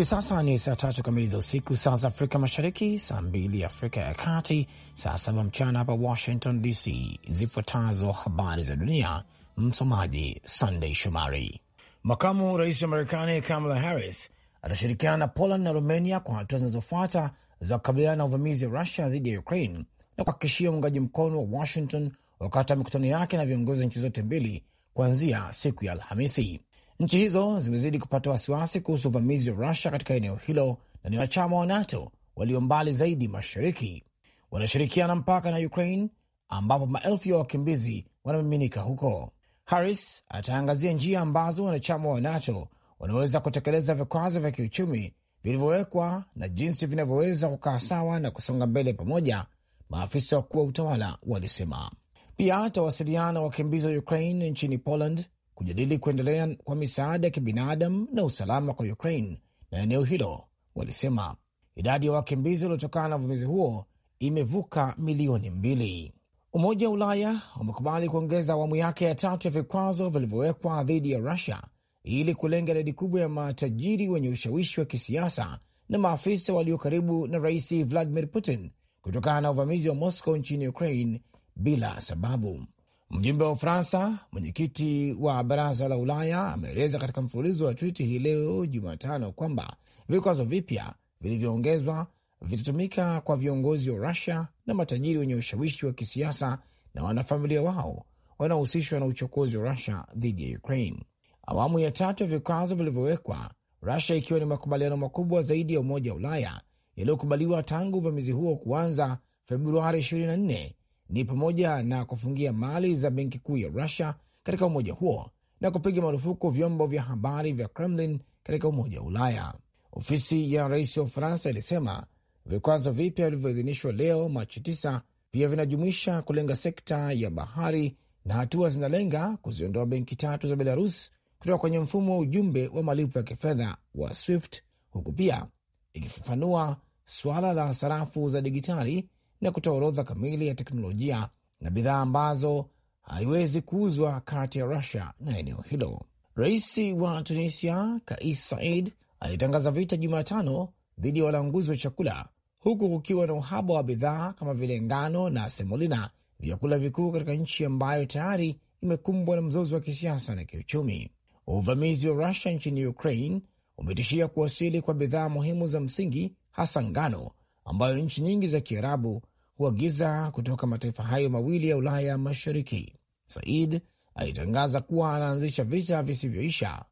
Hivi sasa ni saa tatu kamili za usiku, saa za Afrika Mashariki, saa mbili Afrika ya Kati, saa saba mchana hapa Washington DC. Zifuatazo habari za dunia, msomaji Sandey Shomari. Makamu rais wa Marekani Kamala Harris atashirikiana na Poland na Romania kwa hatua zinazofuata za kukabiliana na uvamizi wa Rusia dhidi ya Ukraine na kuhakikishia uungaji mkono wa Washington wakati wa mikutano yake na viongozi nchi zote mbili kuanzia siku ya Alhamisi. Nchi hizo zimezidi kupata wasiwasi kuhusu uvamizi wa Rusia katika eneo hilo na ni wanachama wa NATO walio mbali zaidi mashariki, wanashirikiana mpaka na Ukraine ambapo maelfu ya wakimbizi wanamiminika huko. Harris ataangazia njia ambazo wanachama wa NATO wanaweza kutekeleza vikwazo vya kiuchumi vilivyowekwa na jinsi vinavyoweza kukaa sawa na kusonga mbele pamoja, maafisa wakuu wa utawala walisema. Pia atawasiliana na wakimbizi wa Ukraine nchini Poland kujadili kuendelea kwa misaada ya kibinadamu na usalama kwa Ukraine na eneo hilo. Walisema idadi ya wakimbizi waliotokana na uvamizi huo imevuka milioni mbili. Umoja wa Ulaya umekubali kuongeza awamu yake ya tatu ya vikwazo vilivyowekwa dhidi ya Rusia ili kulenga idadi kubwa ya matajiri wenye ushawishi wa kisiasa na maafisa walio karibu na Rais Vladimir Putin kutokana na uvamizi wa Moscow nchini Ukraine bila sababu. Mjumbe wa Ufaransa, mwenyekiti wa baraza la Ulaya, ameeleza katika mfululizo wa twiti hii leo Jumatano kwamba vikwazo vipya vilivyoongezwa vitatumika kwa viongozi wa Rusia na matajiri wenye ushawishi wa kisiasa na wanafamilia wao wanaohusishwa na uchokozi wa Rusia dhidi ya Ukraine. Awamu ya tatu ya vikwazo vilivyowekwa Rusia ikiwa ni makubaliano makubwa zaidi ya Umoja wa Ulaya yaliyokubaliwa tangu uvamizi huo kuanza Februari 24 ni pamoja na kufungia mali za benki kuu ya Rusia katika umoja huo na kupiga marufuku vyombo vya habari vya Kremlin katika umoja wa Ulaya. Ofisi ya rais wa Ufaransa ilisema vikwazo vipya vilivyoidhinishwa leo Machi 9 pia vinajumuisha kulenga sekta ya bahari na hatua zinalenga kuziondoa benki tatu za Belarus kutoka kwenye mfumo wa ujumbe wa malipo ya kifedha wa SWIFT, huku pia ikifafanua suala la sarafu za digitali na kutoa orodha kamili ya teknolojia na bidhaa ambazo haiwezi kuuzwa kati ya Rusia na eneo hilo. Rais wa Tunisia Kais Said alitangaza vita Jumatano dhidi ya walanguzi wa chakula, huku kukiwa na uhaba wa bidhaa kama vile ngano na semolina, vyakula vikuu katika nchi ambayo tayari imekumbwa na mzozo wa kisiasa na kiuchumi. Uvamizi wa Rusia nchini Ukraine umetishia kuwasili kwa bidhaa muhimu za msingi, hasa ngano ambayo nchi nyingi za Kiarabu kuagiza kutoka mataifa hayo mawili ya Ulaya Mashariki. Said alitangaza kuwa anaanzisha vita visivyoisha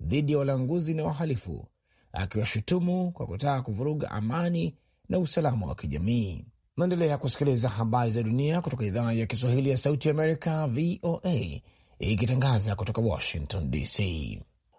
dhidi ya walanguzi na wahalifu, akiwashutumu kwa kutaka kuvuruga amani na usalama wa kijamii. Naendelea kusikiliza habari za dunia kutoka idhaa ya Kiswahili ya Sauti Amerika, VOA, ikitangaza kutoka Washington DC.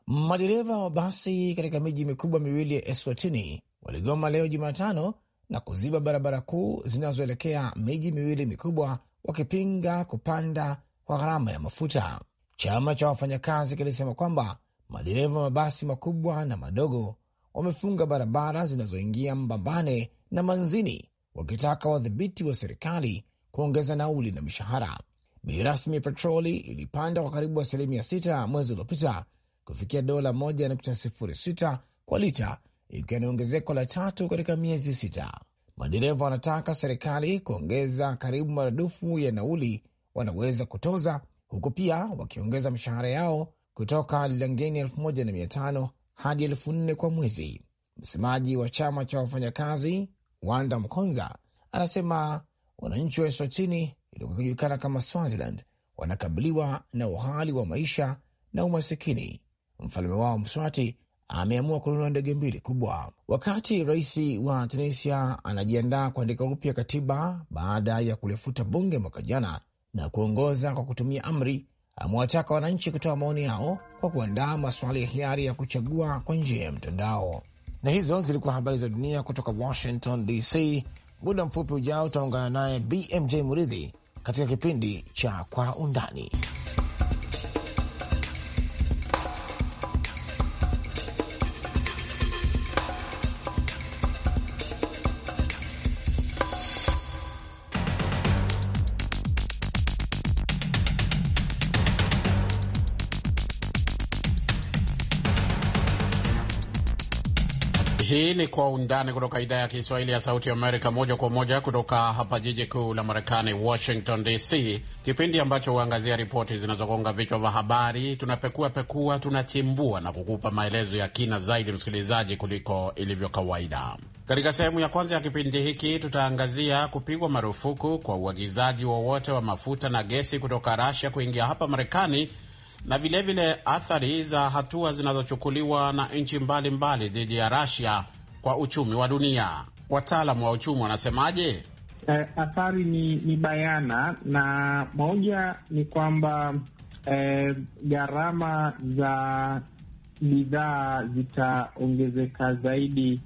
Madereva wa basi katika miji mikubwa miwili ya Eswatini waligoma leo Jumatano na kuziba barabara kuu zinazoelekea miji miwili mikubwa, wakipinga kupanda kwa gharama ya mafuta. Chama cha wafanyakazi kilisema kwamba madereva mabasi makubwa na madogo wamefunga barabara zinazoingia Mbambane na Manzini, wakitaka wadhibiti wa serikali kuongeza nauli na mishahara. Bei rasmi ya petroli ilipanda kwa karibu asilimia sita mwezi uliopita kufikia dola 16 kwa lita ikiwa ni ongezeko la tatu katika miezi sita. Madereva wanataka serikali kuongeza karibu maradufu ya nauli wanaweza kutoza, huku pia wakiongeza mishahara yao kutoka lilangeni elfu moja na mia tano hadi elfu nne kwa mwezi. Msemaji wa chama cha wafanyakazi Wanda Mkonza anasema wananchi wa Eswatini iliokuwa kama Swaziland wanakabiliwa na uhali wa maisha na umasikini. Mfalme wao Mswati ameamua kununua ndege mbili kubwa. Wakati rais wa Tunisia anajiandaa kuandika upya katiba baada ya kulifuta bunge mwaka jana na kuongoza kwa kutumia amri, amewataka wananchi kutoa maoni yao kwa kuandaa maswali ya hiari ya kuchagua kwa njia ya mtandao. Na hizo zilikuwa habari za dunia kutoka Washington DC. Muda mfupi ujao utaungana naye BMJ Muridhi katika kipindi cha Kwa Undani. ni Kwa Undani kutoka idhaa ya Kiswahili ya Sauti Amerika, moja kwa moja kutoka hapa jiji kuu la Marekani, Washington DC, kipindi ambacho huangazia ripoti zinazogonga vichwa vya habari. Tunapekua pekua, tunachimbua na kukupa maelezo ya kina zaidi, msikilizaji, kuliko ilivyo kawaida. Katika sehemu ya kwanza ya kipindi hiki, tutaangazia kupigwa marufuku kwa uagizaji wowote wa, wa mafuta na gesi kutoka rasia kuingia hapa Marekani na vilevile vile athari za hatua zinazochukuliwa na nchi mbalimbali dhidi ya rasia kwa uchumi wa dunia. Wataalamu wa uchumi wanasemaje? Eh, athari ni, ni bayana na moja ni kwamba eh, gharama za bidhaa zitaongezeka zaidi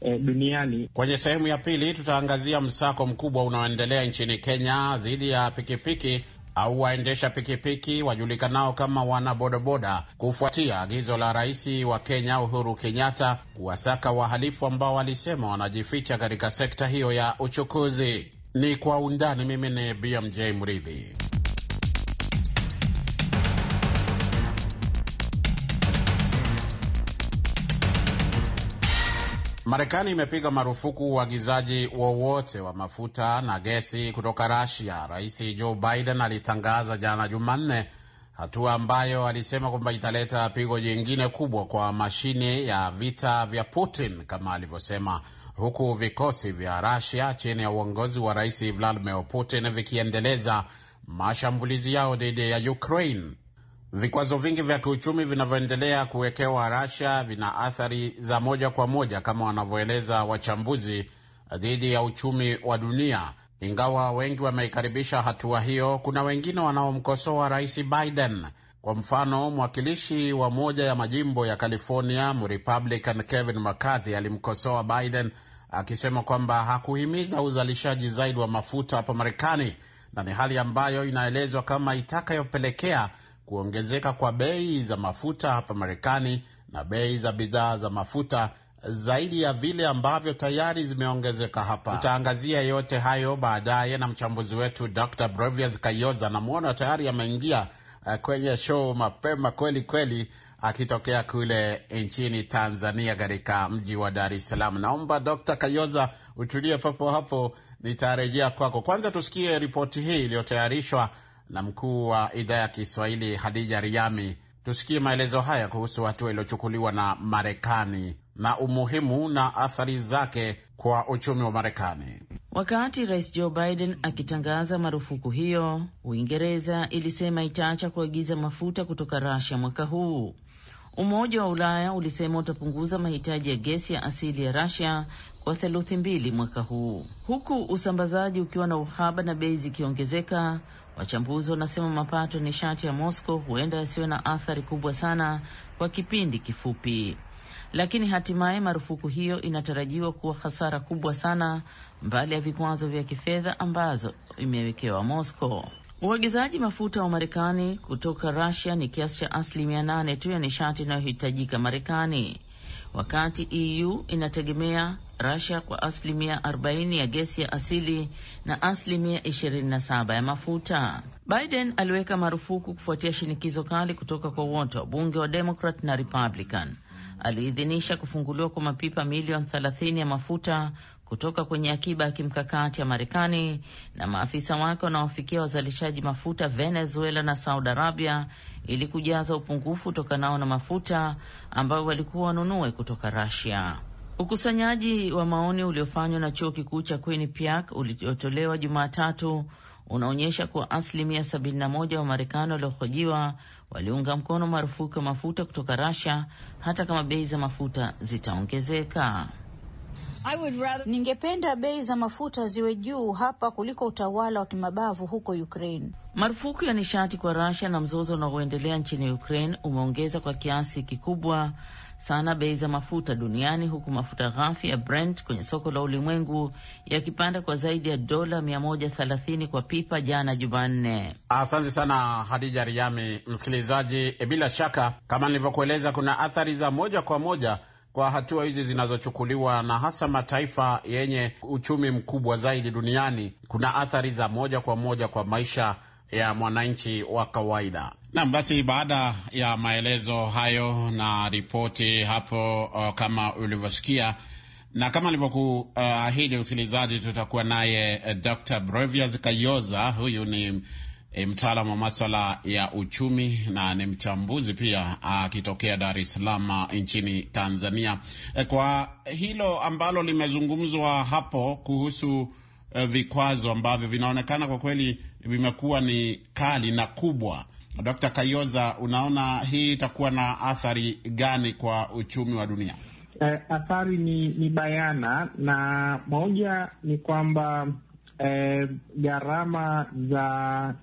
eh, duniani. Kwenye sehemu ya pili tutaangazia msako mkubwa unaoendelea nchini Kenya dhidi ya pikipiki au waendesha pikipiki wajulikanao kama wana bodaboda kufuatia agizo la rais wa Kenya Uhuru Kenyatta kuwasaka wahalifu ambao walisema wanajificha katika sekta hiyo ya uchukuzi. Ni kwa undani. Mimi ni BMJ Mridhi. Marekani imepiga marufuku uagizaji wowote wa mafuta na gesi kutoka Rasia. Rais Joe Biden alitangaza jana Jumanne hatua ambayo alisema kwamba italeta pigo jingine kubwa kwa mashine ya vita vya Putin kama alivyosema, huku vikosi vya Rasia chini ya uongozi wa Rais Vladimir Putin vikiendeleza mashambulizi yao dhidi ya Ukraine. Vikwazo vingi vya kiuchumi vinavyoendelea kuwekewa Russia vina athari za moja kwa moja kama wanavyoeleza wachambuzi dhidi ya uchumi wa dunia. Ingawa wengi wameikaribisha hatua hiyo, kuna wengine wanaomkosoa Rais Biden. Kwa mfano, mwakilishi wa moja ya majimbo ya California, Mrepublican Kevin McCarthy alimkosoa Biden akisema kwamba hakuhimiza uzalishaji zaidi wa mafuta hapa Marekani, na ni hali ambayo inaelezwa kama itakayopelekea kuongezeka kwa bei za mafuta hapa Marekani na bei za bidhaa za mafuta zaidi ya vile ambavyo tayari zimeongezeka hapa. Tutaangazia yote hayo baadaye na mchambuzi wetu Dr. Brevius Kayoza, namwona tayari ameingia eh, kwenye show mapema kweli kweli, akitokea kule nchini Tanzania, katika mji wa Dar es Salaam. Naomba Dr. Kayoza utulie papo hapo, nitarejea kwako. Kwanza tusikie ripoti hii iliyotayarishwa na mkuu wa idhaa ya Kiswahili Hadija Riami. Tusikie maelezo haya kuhusu hatua iliyochukuliwa na Marekani na umuhimu na athari zake kwa uchumi wa Marekani. Wakati Rais Joe Biden akitangaza marufuku hiyo, Uingereza ilisema itaacha kuagiza mafuta kutoka Rasia mwaka huu. Umoja wa Ulaya ulisema utapunguza mahitaji ya gesi ya asili ya rasia kwa theluthi mbili mwaka huu, huku usambazaji ukiwa na uhaba na bei zikiongezeka. Wachambuzi wanasema mapato ya nishati ya Moscow huenda yasiwe na athari kubwa sana kwa kipindi kifupi, lakini hatimaye marufuku hiyo inatarajiwa kuwa hasara kubwa sana, mbali ya vikwazo vya kifedha ambazo imewekewa Moscow. Uwagizaji mafuta wa Marekani kutoka Rusia ni kiasi cha asilimia nane tu ya nishati inayohitajika Marekani wakati EU inategemea Russia kwa asilimia 40 ya gesi ya asili na asilimia 27 ya mafuta. Biden aliweka marufuku kufuatia shinikizo kali kutoka kwa wote wabunge wa Democrat na Republican. Aliidhinisha kufunguliwa kwa mapipa milioni 30 ya mafuta kutoka kwenye akiba ya kimkakati ya Marekani na maafisa wake wanaofikia wazalishaji mafuta Venezuela na Saudi Arabia ili kujaza upungufu utokanao na mafuta ambayo walikuwa wanunue kutoka rasia Ukusanyaji wa maoni uliofanywa na chuo kikuu cha Quinnipiac uliotolewa Jumatatu unaonyesha kuwa asilimia 71 wa Marekani waliohojiwa waliunga mkono marufuku ya mafuta kutoka Rasia hata kama bei za mafuta zitaongezeka ningependa bei za mafuta ziwe juu hapa kuliko utawala wa kimabavu huko Ukraine. Marufuku ya nishati kwa Russia na mzozo unaoendelea nchini Ukraine umeongeza kwa kiasi kikubwa sana bei za mafuta duniani huku mafuta ghafi ya Brent kwenye soko la ulimwengu yakipanda kwa zaidi ya dola 130 kwa pipa jana Jumanne. Asante sana Hadija Riami. Msikilizaji, eh, bila shaka kama nilivyokueleza, kuna athari za moja kwa moja kwa hatua hizi zinazochukuliwa na hasa mataifa yenye uchumi mkubwa zaidi duniani, kuna athari za moja kwa moja kwa maisha ya mwananchi wa kawaida. Naam, basi baada ya maelezo hayo na ripoti hapo, uh, kama ulivyosikia na kama alivyokuahidi uh, msikilizaji, tutakuwa naye uh, Dr. Brevias Kayoza. Huyu ni E, mtaalamu wa maswala ya uchumi na ni mchambuzi pia akitokea Dar es Salaam uh, nchini Tanzania. E, kwa hilo ambalo limezungumzwa hapo kuhusu uh, vikwazo ambavyo vinaonekana kwa kweli vimekuwa ni kali na kubwa, Dr. Kayoza, unaona hii itakuwa na athari gani kwa uchumi wa dunia? Eh, athari ni, ni bayana na moja ni kwamba eh, gharama za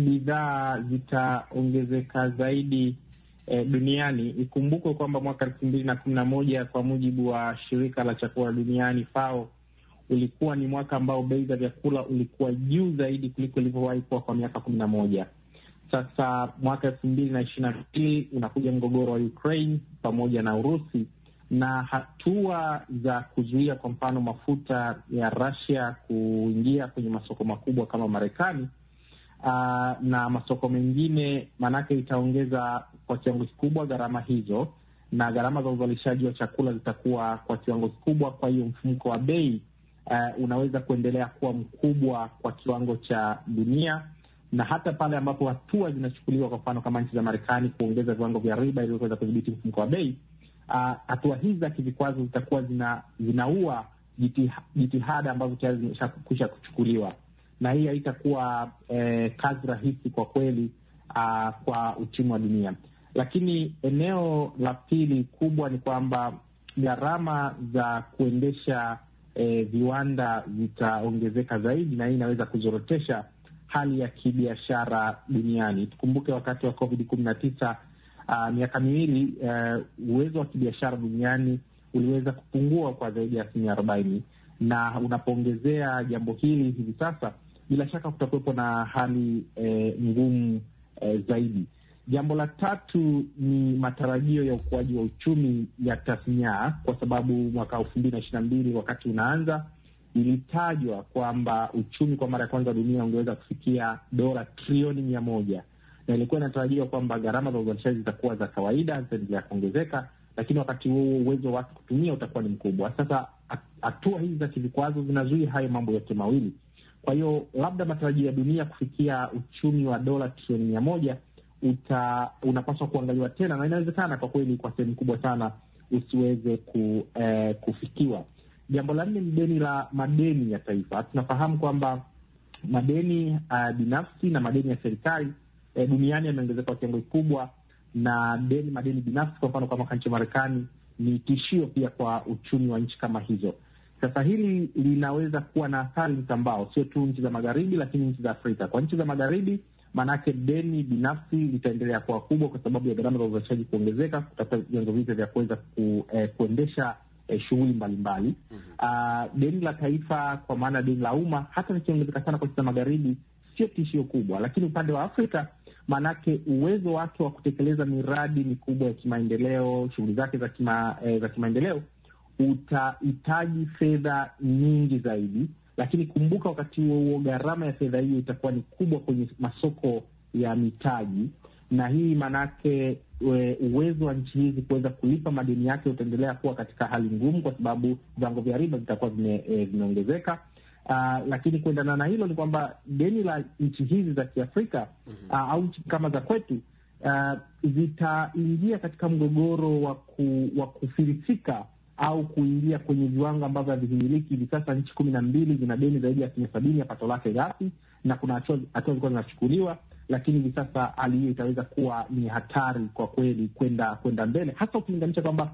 bidhaa zitaongezeka zaidi e, duniani. Ikumbukwe kwamba mwaka elfu mbili na kumi na moja kwa mujibu wa shirika la chakula duniani FAO, ulikuwa ni mwaka ambao bei za vyakula ulikuwa juu zaidi kuliko ilivyowahi kuwa kwa miaka kumi na moja. Sasa mwaka elfu mbili na ishirini na mbili unakuja mgogoro wa Ukraine pamoja na Urusi na hatua za kuzuia kwa mfano mafuta ya Russia kuingia kwenye masoko makubwa kama Marekani uh, na masoko mengine, maanake itaongeza kwa kiwango kikubwa gharama hizo, na gharama za uzalishaji wa chakula zitakuwa kwa kiwango kikubwa. Kwa hiyo mfumuko wa bei uh, unaweza kuendelea kuwa mkubwa kwa kiwango cha dunia, na hata pale ambapo hatua zinachukuliwa, kwa mfano kama nchi za Marekani kuongeza viwango vya riba ili kuweza kudhibiti mfumuko wa bei, ah, hatua uh, hizi za kivikwazo zitakuwa zina, zinaua jitihada ambazo tayari zimeshakwisha kuchukuliwa na hii haitakuwa eh, kazi rahisi kwa kweli uh, kwa uchumi wa dunia. Lakini eneo la pili kubwa ni kwamba gharama za kuendesha eh, viwanda zitaongezeka zaidi, na hii inaweza kuzorotesha hali ya kibiashara duniani. Tukumbuke wakati wa COVID kumi na tisa uh, miaka miwili uh, uwezo wa kibiashara duniani uliweza kupungua kwa zaidi ya asilimia arobaini na unapoongezea jambo hili hivi sasa bila shaka kutakuwepo na hali e, ngumu e, zaidi. Jambo la tatu ni matarajio ya ukuaji wa uchumi ya tasnia, kwa sababu mwaka elfu mbili na ishirini na mbili wakati unaanza ilitajwa kwamba uchumi kwa mara ya kwanza dunia ungeweza kufikia dola trilioni mia moja na ilikuwa inatarajiwa kwamba gharama za uzalishaji zitakuwa za kawaida, zitaendelea kuongezeka, lakini wakati huo uwezo wake kutumia utakuwa ni mkubwa. Sasa hatua hizi za kivikwazo zinazuia hayo mambo yote mawili, kwa hiyo labda matarajio ya dunia kufikia uchumi wa dola trilioni mia moja uta unapaswa kuangaliwa tena, na inawezekana kwa kweli kwa sehemu kubwa sana usiweze ku, eh, kufikiwa. Jambo la nne ni deni la madeni ya taifa. Tunafahamu kwamba madeni uh, binafsi na madeni ya serikali eh, duniani yameongezeka kwa kiwango kikubwa, na deni madeni binafsi, kwa mfano kama nchi ya Marekani, ni tishio pia kwa uchumi wa nchi kama hizo. Sasa hili linaweza kuwa na athari mtambao, sio tu nchi za magharibi, lakini nchi za Afrika. Kwa nchi za magharibi, maanake deni binafsi litaendelea kuwa kubwa kwa sababu ya gharama za uzalishaji kuongezeka, kutafuta vyanzo vipya vya kuweza ku, eh, kuendesha eh, shughuli mbalimbali. mm -hmm. Uh, deni la taifa kwa maana deni la umma hata likiongezeka sana kwa nchi za magharibi sio tishio kubwa, lakini upande wa Afrika maanake uwezo wake wa kutekeleza miradi mikubwa ya kimaendeleo, shughuli zake za kima, eh, za kimaendeleo utahitaji fedha nyingi zaidi, lakini kumbuka, wakati huo huo gharama ya fedha hiyo itakuwa ni kubwa kwenye masoko ya mitaji, na hii maanake uwezo wa nchi hizi kuweza kulipa madeni yake utaendelea kuwa katika hali ngumu, kwa sababu viwango vya riba vitakuwa eh, vimeongezeka. Uh, lakini kuendana na hilo ni kwamba deni la nchi hizi za Kiafrika mm -hmm. uh, au nchi kama za kwetu uh, zitaingia katika mgogoro wa waku, kufirisika au kuingia kwenye viwango ambavyo havihimiliki. Hivi sasa nchi kumi na mbili zina deni zaidi ya asilimia sabini ya pato lake ghafi, na kuna hatua zilikuwa zinachukuliwa, lakini hivi sasa hali hiyo itaweza kuwa ni hatari kwa kweli kwenda kwenda mbele, hasa ukilinganisha kwamba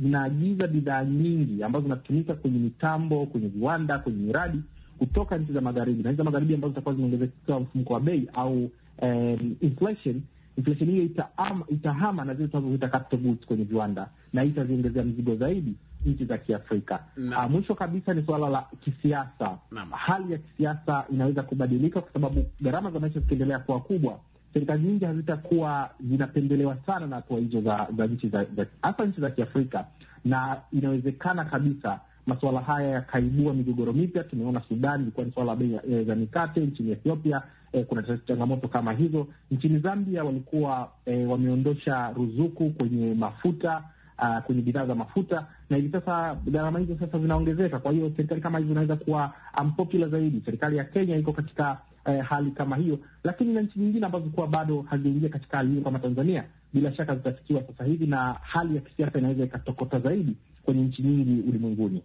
zinaagiza bidhaa nyingi ambazo zinatumika kwenye mitambo, kwenye viwanda, kwenye miradi kutoka nchi za magharibi, na nchi za magharibi ambazo zitakuwa zimeongezekewa mfumko wa bei au um, inflation inflation hiyo itahama, itahama na zile tunazoita capital goods kwenye viwanda, na hii itaziongezea mzigo zaidi nchi za Kiafrika. Ah, mwisho kabisa ni suala la kisiasa. Hali ya kisiasa inaweza kubadilika, kwa sababu gharama za maisha zikiendelea kuwa kubwa, serikali nyingi hazitakuwa zinapendelewa sana na hatua hizo za za nchi hasa nchi za Kiafrika, na inawezekana kabisa masuala haya yakaibua migogoro mipya. Tumeona Sudan ilikuwa ni suala la bei e, za mikate. Nchini Ethiopia e, kuna changamoto kama hizo. Nchini Zambia walikuwa e, wameondosha ruzuku kwenye mafuta uh, kwenye bidhaa za mafuta, na hivi sasa gharama hizo sasa zinaongezeka. Kwa hiyo serikali kama hizo inaweza kuwa unpopular zaidi. Serikali ya Kenya iko katika uh, hali kama hiyo, lakini na nchi nyingine ambazo kuwa bado haziingia katika hali hiyo kama Tanzania, bila shaka zitafikiwa sasa hivi, na hali ya kisiasa inaweza ikatokota zaidi kwenye nchi nyingi ulimwenguni.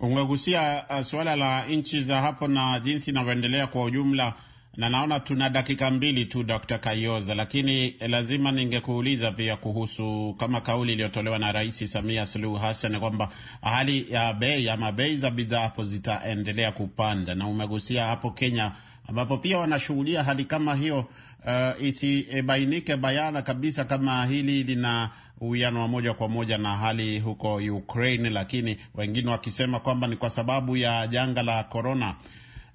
Umegusia uh, suala la nchi za hapo na jinsi inavyoendelea kwa ujumla na naona tuna dakika mbili tu Dr. Kayoza, lakini eh, lazima ningekuuliza pia kuhusu kama kauli iliyotolewa na Rais Samia Suluhu Hassan kwamba hali ya bei ama bei za bidhaa hapo zitaendelea kupanda, na umegusia hapo Kenya ambapo pia wanashughulia hali kama hiyo. Uh, isibainike bayana kabisa kama hili lina uwiano wa moja kwa moja na hali huko Ukraine, lakini wengine wakisema kwamba ni kwa sababu ya janga la korona.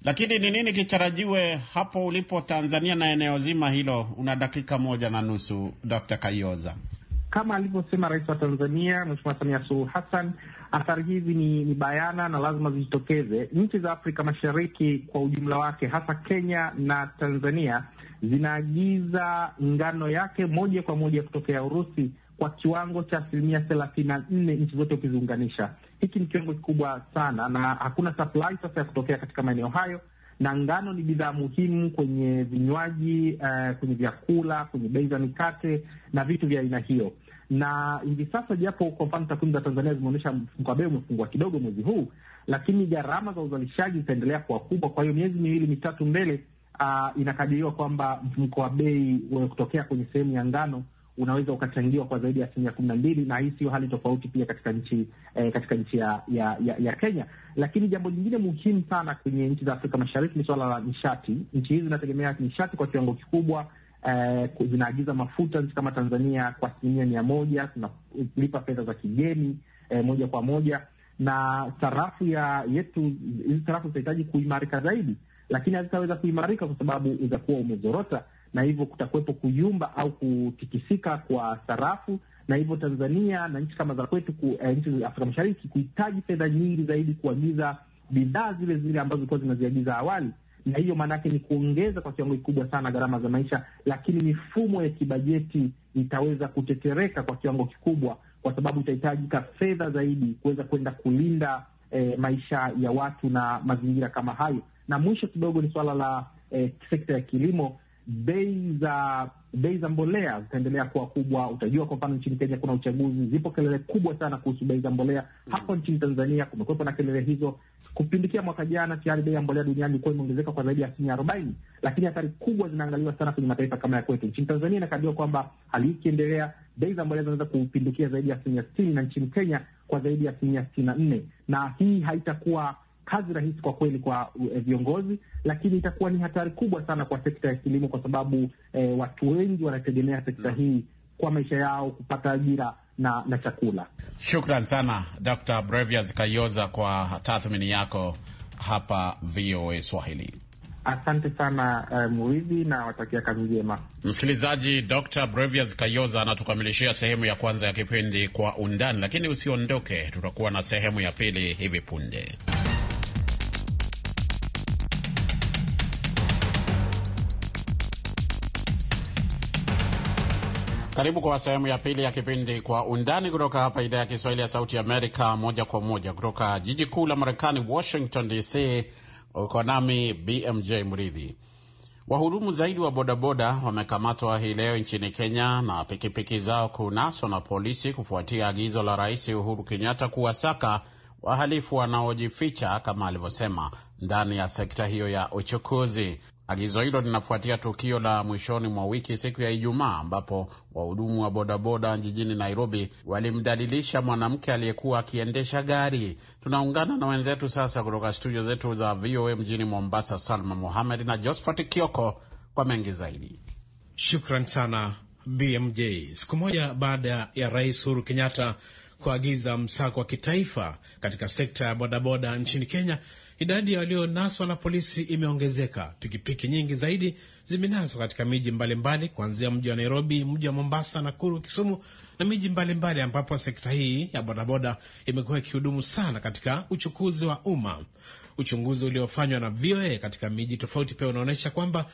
Lakini ni nini kitarajiwe hapo ulipo Tanzania na eneo zima hilo? Una dakika moja na nusu, d Kayoza. Kama alivyosema rais wa Tanzania Mheshimiwa Samia Suluhu Hassan, athari hizi ni, ni bayana na lazima zijitokeze. Nchi za Afrika Mashariki kwa ujumla wake, hasa Kenya na Tanzania, zinaagiza ngano yake moja kwa moja kutokea Urusi kwa kiwango cha asilimia thelathini na nne nchi zote ukiziunganisha hiki ni kiwango kikubwa sana, na hakuna supply sasa ya kutokea katika maeneo hayo, na ngano ni bidhaa muhimu kwenye vinywaji uh, kwenye vyakula, kwenye bei za mikate na vitu vya aina hiyo. Na hivi sasa, japo kwa mfano takwimu za Tanzania zimeonyesha mfumuko wa bei umefungua kidogo mwezi huu, lakini gharama za uzalishaji zitaendelea kuwa kubwa. Kwa hiyo miezi miwili mitatu mbele, uh, inakadiriwa kwamba mfumko wa bei kutokea kwenye sehemu ya ngano unaweza ukachangiwa kwa zaidi ya asilimia kumi na mbili, na hii sio hali tofauti pia katika nchi eh, katika nchi ya, ya, ya, ya Kenya. Lakini jambo lingine muhimu sana kwenye nchi za Afrika Mashariki ni suala la nishati. Nchi hizi zinategemea nishati kwa kiwango kikubwa. Eh, zinaagiza mafuta nchi kama Tanzania kwa asilimia mia moja, zinalipa fedha za kigeni eh, moja kwa moja na sarafu ya yetu, hizi sarafu zitahitaji kuimarika zaidi, lakini hazitaweza kuimarika kwa sababu utakuwa umezorota na hivyo kutakuwepo kuyumba au kutikisika kwa sarafu, na hivyo Tanzania na nchi kama za kwetu ku, eh, nchi za Afrika Mashariki kuhitaji fedha nyingi zaidi kuagiza bidhaa zile zile ambazo zilikuwa zinaziagiza awali, na hiyo maana yake ni kuongeza kwa kiwango kikubwa sana gharama za maisha, lakini mifumo ya kibajeti itaweza kutetereka kwa kiwango kikubwa, kwa sababu itahitajika fedha zaidi kuweza kwenda kulinda eh, maisha ya watu na mazingira kama hayo. Na mwisho kidogo ni suala la eh, sekta ya kilimo bei za bei za mbolea zitaendelea kuwa kubwa. Utajua kwa mfano nchini Kenya kuna uchaguzi, zipo kelele kubwa sana kuhusu bei za mbolea mm. Hapo nchini Tanzania kumekuwepo na kelele hizo kupindikia. Mwaka jana tayari bei ya mbolea duniani ilikuwa imeongezeka kwa zaidi ya asilimia arobaini, lakini athari kubwa zinaangaliwa sana kwenye mataifa kama ya kwetu. Nchini Tanzania inakadiriwa kwamba hali hii ikiendelea, bei za mbolea zinaweza kupindikia zaidi ya asilimia sitini na nchini Kenya kwa zaidi ya asilimia sitini na nne na hii haitakuwa kazi rahisi kwa kweli kwa eh, viongozi, lakini itakuwa ni hatari kubwa sana kwa sekta ya kilimo, kwa sababu eh, watu wengi wanategemea sekta mm. hii kwa maisha yao, kupata ajira na, na chakula. Shukran sana Dr. Brevias Kayoza kwa tathmini yako hapa VOA Swahili. Asante sana uh, Muridhi, na watakia kazi njema msikilizaji. Dr. Brevias Kayoza anatukamilishia sehemu ya kwanza ya kipindi Kwa Undani, lakini usiondoke, tutakuwa na sehemu ya pili hivi punde. Karibu kwa sehemu ya pili ya kipindi Kwa Undani kutoka hapa idhaa ya Kiswahili ya Sauti Amerika, moja kwa moja kutoka jiji kuu la Marekani, Washington DC. Uko nami BMJ Mridhi. Wahudumu zaidi wa bodaboda wamekamatwa hii leo nchini Kenya na pikipiki zao kunaswa na polisi kufuatia agizo la Rais Uhuru Kenyatta kuwasaka wahalifu wanaojificha kama alivyosema ndani ya sekta hiyo ya uchukuzi. Agizo hilo linafuatia tukio la mwishoni mwa wiki siku ya Ijumaa ambapo wahudumu wa bodaboda jijini Nairobi walimdalilisha mwanamke aliyekuwa akiendesha gari. Tunaungana na wenzetu sasa kutoka studio zetu za VOA mjini Mombasa, Salma Mohamed na Josphat Kioko kwa mengi zaidi. Shukran sana BMJ. Siku moja baada ya Rais Uhuru Kenyatta kuagiza msako wa kitaifa katika sekta ya bodaboda nchini Kenya Idadi ya walionaswa na polisi imeongezeka. Pikipiki nyingi zaidi zimenaswa katika miji mbalimbali, kuanzia mji wa Nairobi, mji wa Mombasa, Nakuru, Kisumu na miji mbalimbali, ambapo sekta hii ya bodaboda imekuwa ikihudumu sana katika uchukuzi wa umma. Uchunguzi uliofanywa na VOA katika miji tofauti pia unaonyesha kwamba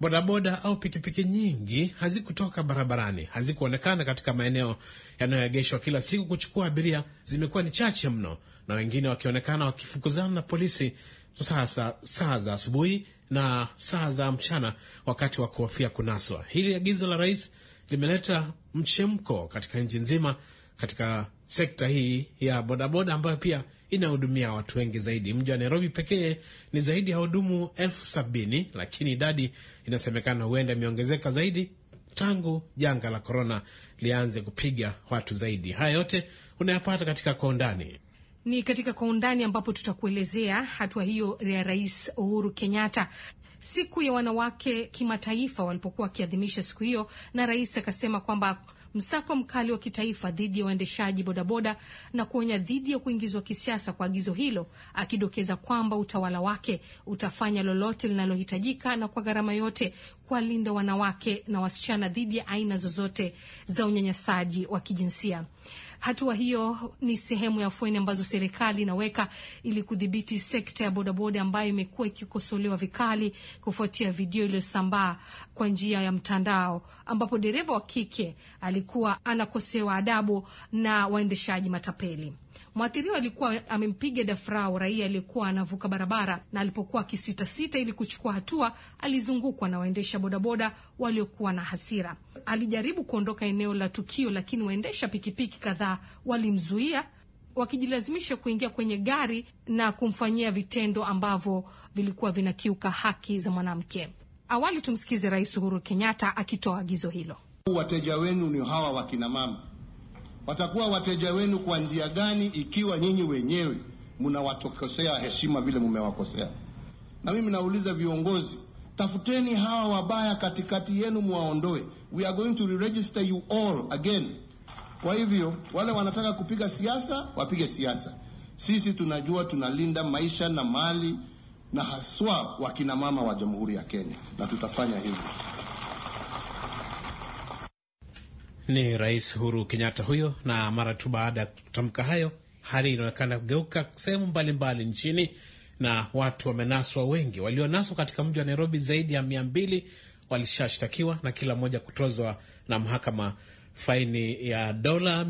bodaboda au pikipiki nyingi hazikutoka barabarani, hazikuonekana katika maeneo yanayoegeshwa kila siku kuchukua abiria, zimekuwa ni chache mno na wengine wakionekana wakifukuzana na polisi sasa saa za asubuhi na saa za mchana, wakati wa kuhofia kunaswa. Hili agizo la rais limeleta mchemko katika nchi nzima katika sekta hii ya bodaboda ambayo pia inahudumia watu wengi zaidi. Mji wa Nairobi pekee ni zaidi ya hudumu elfu sabini lakini idadi inasemekana huenda imeongezeka zaidi tangu janga la korona lianze kupiga watu zaidi. Haya yote unayapata katika Kwa Undani. Ni katika kwa undani ambapo tutakuelezea hatua hiyo ya Rais Uhuru Kenyatta siku ya wanawake kimataifa walipokuwa wakiadhimisha siku hiyo, na rais akasema kwamba msako mkali wa kitaifa dhidi ya waendeshaji bodaboda na kuonya dhidi ya kuingizwa kisiasa kwa agizo hilo, akidokeza kwamba utawala wake utafanya lolote linalohitajika na kwa gharama yote kuwalinda wanawake na wasichana dhidi ya aina zozote za unyanyasaji wa kijinsia. Hatua hiyo ni sehemu ya afueni ambazo serikali inaweka ili kudhibiti sekta ya bodaboda ambayo imekuwa ikikosolewa vikali kufuatia video iliyosambaa kwa njia ya mtandao ambapo dereva wa kike alikuwa anakosewa adabu na waendeshaji matapeli. Mwathiriwa alikuwa amempiga dafrau raia aliyekuwa anavuka barabara, na alipokuwa akisitasita ili kuchukua hatua, alizungukwa na waendesha bodaboda waliokuwa na hasira. Alijaribu kuondoka eneo la tukio, lakini waendesha pikipiki kadhaa walimzuia wakijilazimisha kuingia kwenye gari na kumfanyia vitendo ambavyo vilikuwa vinakiuka haki za mwanamke. Awali tumsikize Rais Uhuru Kenyatta akitoa agizo hilo. Wateja wenu ni hawa wakinamama watakuwa wateja wenu kwa njia gani, ikiwa nyinyi wenyewe mnawatokosea heshima vile mmewakosea? Na mimi nauliza viongozi, tafuteni hawa wabaya katikati yenu, mwaondoe We are going to re-register you all again. Kwa hivyo wale wanataka kupiga siasa wapige siasa. Sisi tunajua tunalinda maisha na mali na haswa wakinamama wa Jamhuri ya Kenya, na tutafanya hivyo. Ni Rais Uhuru Kenyatta huyo. Na mara tu baada ya kutamka hayo, hali inaonekana kugeuka sehemu mbalimbali nchini, na watu wamenaswa. Wengi walionaswa katika mji wa Nairobi, zaidi ya mia mbili walishashtakiwa na kila mmoja kutozwa na mahakama faini ya dola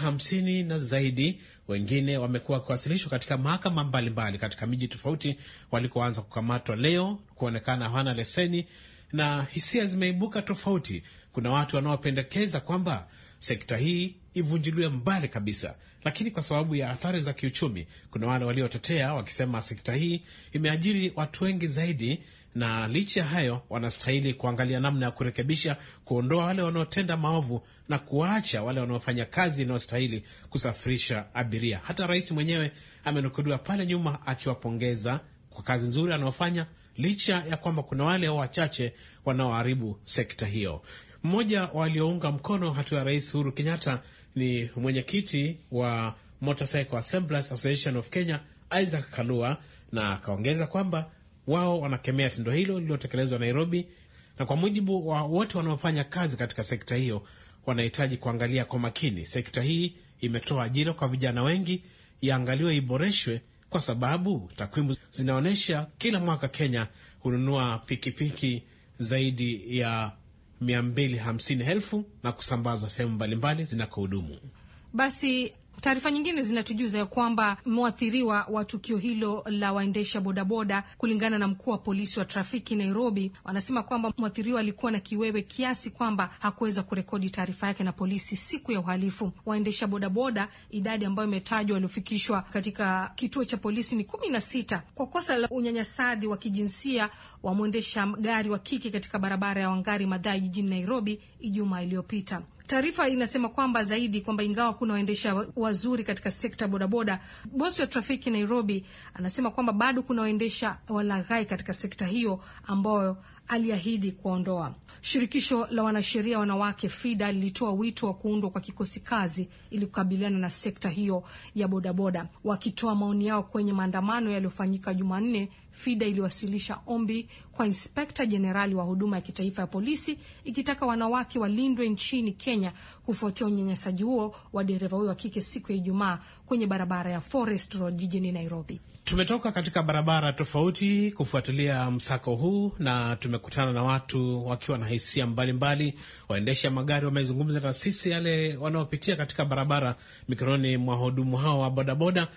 hamsini na zaidi. Wengine wamekuwa wakiwasilishwa katika mahakama mbalimbali katika miji tofauti walikoanza kukamatwa leo, kuonekana hawana leseni na hisia zimeibuka tofauti kuna watu wanaopendekeza kwamba sekta hii ivunjiliwe mbali kabisa, lakini kwa sababu ya athari za kiuchumi, kuna wale waliotetea wakisema sekta hii imeajiri watu wengi zaidi, na licha ya hayo wanastahili kuangalia namna ya kurekebisha, kuondoa wale wanaotenda maovu na kuwaacha wale wanaofanya kazi inayostahili kusafirisha abiria. Hata rais mwenyewe amenukuliwa pale nyuma akiwapongeza kwa kazi nzuri anaofanya licha ya kwamba kuna wale wachache wanaoharibu sekta hiyo. Mmoja waliounga mkono hatua ya Rais Uhuru Kenyatta ni mwenyekiti wa Motorcycle Assemblers Association of Kenya Isaac Kalua, na akaongeza kwamba wao wanakemea tendo hilo lililotekelezwa Nairobi, na kwa mujibu wa wote wanaofanya kazi katika sekta hiyo wanahitaji kuangalia kwa makini. Sekta hii imetoa ajira kwa vijana wengi, iangaliwe iboreshwe, kwa sababu takwimu zinaonyesha kila mwaka Kenya hununua pikipiki zaidi ya 250,000 na kusambaza sehemu mbalimbali zinakohudumu. Basi Taarifa nyingine zinatujuza ya kwamba mwathiriwa wa tukio hilo la waendesha bodaboda, kulingana na mkuu wa polisi wa trafiki Nairobi, wanasema kwamba mwathiriwa alikuwa na kiwewe kiasi kwamba hakuweza kurekodi taarifa yake na polisi siku ya uhalifu. Waendesha bodaboda, idadi ambayo imetajwa waliofikishwa katika kituo cha polisi ni kumi na sita kwa kosa la unyanyasaji wa kijinsia wa mwendesha gari wa kike katika barabara ya Wangari madhai jijini Nairobi Ijumaa iliyopita. Taarifa inasema kwamba zaidi kwamba ingawa kuna waendesha wazuri katika sekta bodaboda, bosi wa trafiki Nairobi anasema kwamba bado kuna waendesha walaghai katika sekta hiyo ambayo aliahidi kuondoa. Shirikisho la wanasheria wanawake FIDA lilitoa wito wa kuundwa kwa kikosi kazi ili kukabiliana na sekta hiyo ya bodaboda. Wakitoa maoni yao kwenye maandamano yaliyofanyika Jumanne, FIDA iliwasilisha ombi kwa inspekta jenerali wa huduma ya kitaifa ya polisi ikitaka wanawake walindwe nchini Kenya kufuatia unyanyasaji huo wa dereva huyo wa kike siku ya Ijumaa kwenye barabara ya Forest Road jijini Nairobi. Tumetoka katika barabara tofauti kufuatilia msako huu na tumekutana na watu wakiwa na hisia mbalimbali. Waendesha magari wamezungumza na sisi yale wanaopitia katika barabara mikononi mwa wahudumu hao wa bodaboda,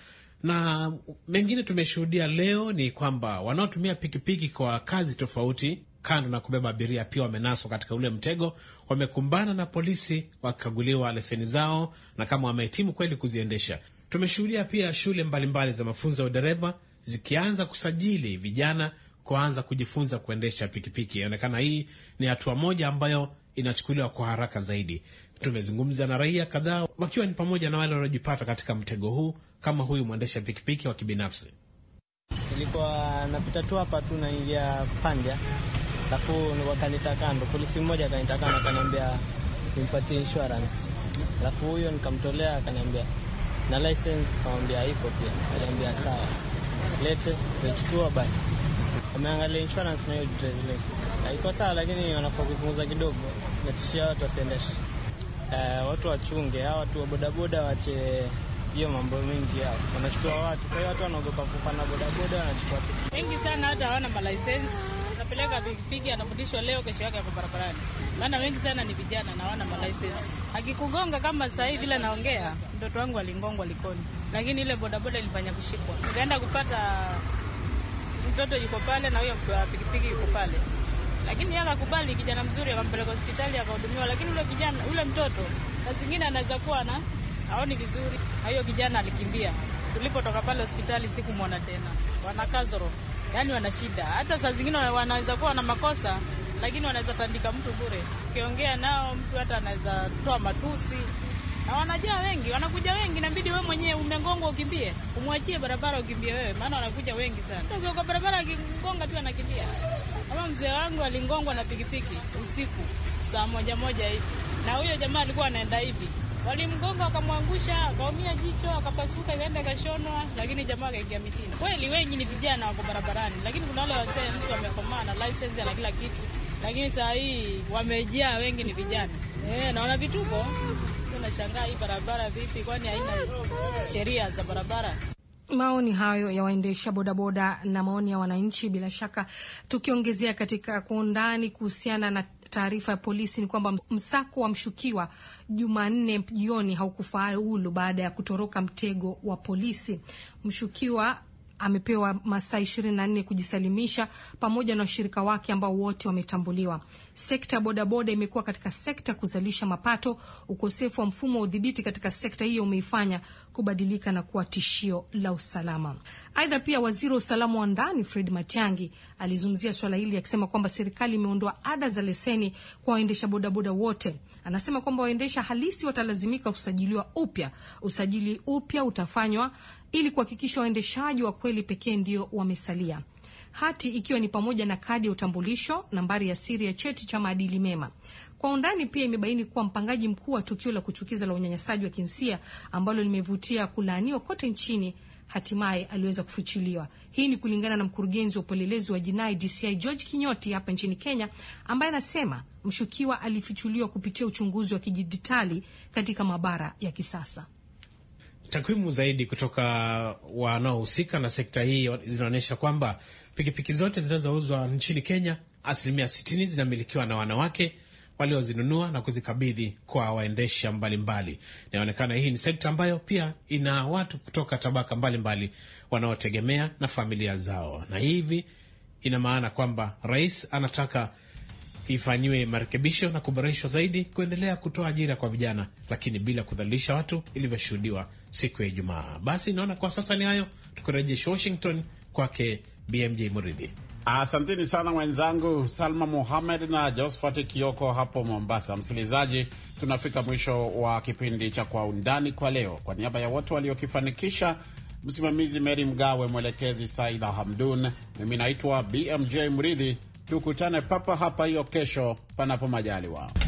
na mengine tumeshuhudia leo ni kwamba wanaotumia pikipiki kwa kazi tofauti, kando na kubeba abiria, pia wamenaswa katika ule mtego, wamekumbana na polisi wakikaguliwa leseni zao na kama wamehitimu kweli kuziendesha. Tumeshuhudia pia shule mbalimbali mbali za mafunzo ya udereva zikianza kusajili vijana kuanza kujifunza kuendesha pikipiki. Inaonekana hii ni hatua moja ambayo inachukuliwa kwa haraka zaidi. Tumezungumza na raia kadhaa, wakiwa ni pamoja na wale waliojipata katika mtego huu, kama huyu mwendesha pikipiki wa kibinafsi. Nilikuwa napita tu hapa tu, naingia Pandya, alafu wakanita kando, polisi mmoja akanita kando, akaniambia nimpatie insurance, alafu huyo nikamtolea, akaniambia na license. Kaambia iko pia, aliambia sawa, lete. Kachukua basi, ameangalia insurance na hiyo driving license sawa, lakini wanafaa kupunguza kidogo, natishia watu wasiendeshe. Uh, watu wachunge hao watu wa bodaboda, wache hiyo mambo mengi yao, wanachukua watu. Sasa watu wanaogopa kupanda bodaboda, wanachukua wengi sana, hata hawana malaisensi anapeleka pikipiki, anamrudishwa leo, kesho yake hapo barabarani. Maana wengi sana ni vijana na wana malicense. Akikugonga kama saa hii bila naongea, mtoto wangu alingongwa Likoni, lakini ile bodaboda ilifanya kushikwa, nikaenda kupata mtoto yuko pale na huyo mtu wa pikipiki yuko pale, lakini yeye akakubali, kijana mzuri, akampeleka hospitali akahudumiwa. Lakini ule kijana ule mtoto saa zingine anaweza kuwa na haoni vizuri, na huyo kijana alikimbia. Tulipotoka pale hospitali sikumwona tena, wanakazoro yani wana shida. Hata saa zingine wanaweza kuwa na makosa, lakini wanaweza tandika mtu bure. Ukiongea nao mtu hata anaweza toa matusi, na wanajua wengi, wanakuja wengi, nabidi wewe mwenyewe umegongwa ukimbie, umwachie barabara ukimbie wewe, maana wanakuja wengi sana kwa barabara. Akigonga tu anakimbia. Kama mzee wangu alingongwa na pikipiki usiku saa moja moja hivi, na huyo jamaa alikuwa anaenda hivi walimgonga wakamwangusha, akaumia jicho, akapasuka, ikaenda kashonwa lakini jamaa akaingia mitini. Kweli wengi ni vijana wako barabarani, lakini kuna wale wasee, mtu amekomaa na lisensi na kila kitu, lakini saa hii wamejaa, wengi ni vijana e, eh, naona vituko. Tunashangaa hii barabara vipi, kwani haina sheria za barabara? Maoni hayo ya waendesha bodaboda na maoni ya wananchi, bila shaka tukiongezea katika kuundani undani kuhusiana na taarifa ya polisi ni kwamba msako wa mshukiwa Jumanne jioni haukufaulu baada ya kutoroka mtego wa polisi. Mshukiwa amepewa masaa ishirini nne kujisalimisha pamoja na washirika wake ambao wote wametambuliwa. Sekta ya bodaboda imekuwa katika sekta kuzalisha mapato. Ukosefu wa mfumo wa udhibiti katika sekta hiyo umeifanya kubadilika na kuwa tishio la usalama. Aidha, pia waziri wa usalama wa ndani Fred Matiang'i alizungumzia swala hili akisema kwamba serikali imeondoa ada za leseni kwa waendesha bodaboda wote. Anasema kwamba waendesha halisi watalazimika kusajiliwa upya. Usajili upya utafanywa ili kuhakikisha waendeshaji wa kweli pekee ndio wamesalia hati ikiwa ni pamoja na kadi ya utambulisho, nambari ya siri ya cheti cha maadili mema. Kwa undani pia imebaini kuwa mpangaji mkuu wa tukio la kuchukiza la unyanyasaji wa kinsia ambalo limevutia kulaaniwa kote nchini hatimaye aliweza kufichuliwa. Hii ni kulingana na mkurugenzi wa upelelezi wa jinai DCI George Kinyoti hapa nchini Kenya, ambaye anasema mshukiwa alifichuliwa kupitia uchunguzi wa kidijitali katika maabara ya kisasa. Takwimu zaidi kutoka wanaohusika na sekta hii zinaonyesha kwamba Pikipiki zote zinazouzwa nchini Kenya, asilimia 60 zinamilikiwa na wanawake waliozinunua na kuzikabidhi kwa waendesha mbalimbali. Inaonekana hii ni sekta ambayo pia ina watu kutoka tabaka mbalimbali wanaotegemea na familia zao, na hivi ina maana kwamba rais anataka ifanyiwe marekebisho na kuboreshwa zaidi, kuendelea kutoa ajira kwa vijana, lakini bila kudhalilisha watu ilivyoshuhudiwa siku ya Ijumaa. Basi naona kwa sasa ni hayo, tukurejesha Washington kwake BMJ Muridhi. Asanteni sana mwenzangu Salma Mohamed na Josphat Kioko hapo Mombasa. Msikilizaji, tunafika mwisho wa kipindi cha Kwa Undani kwa leo. Kwa niaba ya wote waliokifanikisha, msimamizi Meri Mgawe, mwelekezi Saida Hamdun, mimi naitwa BMJ Mridhi. Tukutane papa hapa hiyo kesho, panapo majaliwa.